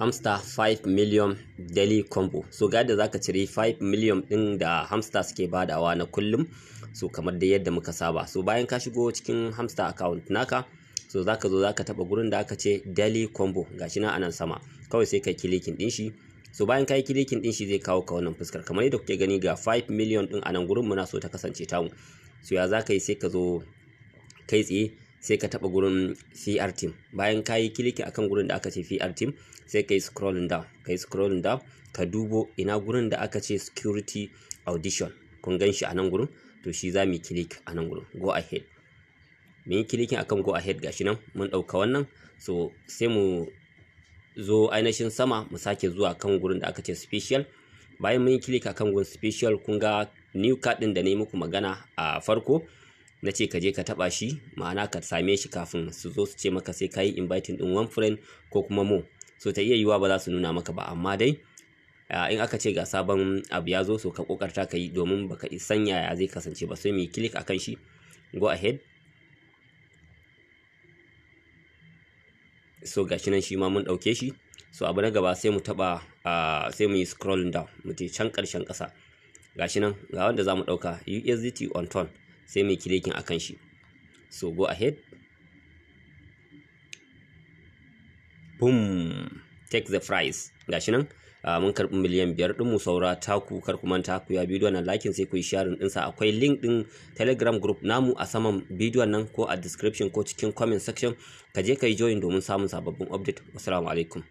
hamster 5 million daily combo so ga yadda zaka cire 5 million din da hamster suke badawa na kullum so kamar da yadda muka saba so bayan ka shigo cikin hamster account naka so zaka zo zaka taba gurin da aka ce daily combo gashi nan anan sama kawai sai kai kilikin din shi so bayan kai kilikin din shi zai kawo ka wannan fuskar kamar yadda kuke gani ga 5 million din anan gurin muna so ta kasance tamu so ya zaka yi sai ka zo kai tsaye sai ka taba gurin CRT, team bayan ka yi kiliki akan gurin da aka ce VR team sai ka yi scrolling down ka yi scrolling down ka dubo ina gurin da aka ce security audition kun gan shi a nan gurin to shi za mu yi kilik a nan gurin go ahead mu yi kilikin akan go ahead gashi nan mun ɗauka wannan so sai mu zo ainihin sama mu sake zuwa kan gurin da aka ce special bayan mun yi kilik akan gurin special kun ga new card ɗin da ne yi muku magana a farko na ce ka je ka taba shi ma'ana ka same shi kafin su zo su ce maka sai ka yi inviting ɗin one friend ko kuma mo so ta iya yiwa ba za su nuna maka ba amma dai in aka ce ga sabon abu ya zo so ka kokarta ka yi domin baka isan yaya zai kasance ba sai mu click akan shi go ahead so gashi nan shi ma mun ɗauke shi so abu na gaba sai mu taba sai mu yi scrolling down mu je can karshen kasa gashi nan ga wanda za mu ɗauka USDT on ton sai mai kirekin akan shi so go ahead boom take the price gashi nan uh, mun karbi miliyan biyar din mu saura ku kar ku manta ku ya bidiyon nan lakin sai ku yi sharing din sa akwai link din telegram group namu a saman bidiyon nan ko a description ko cikin comment section ka je ka yi join domin samun sababbin update assalamu alaikum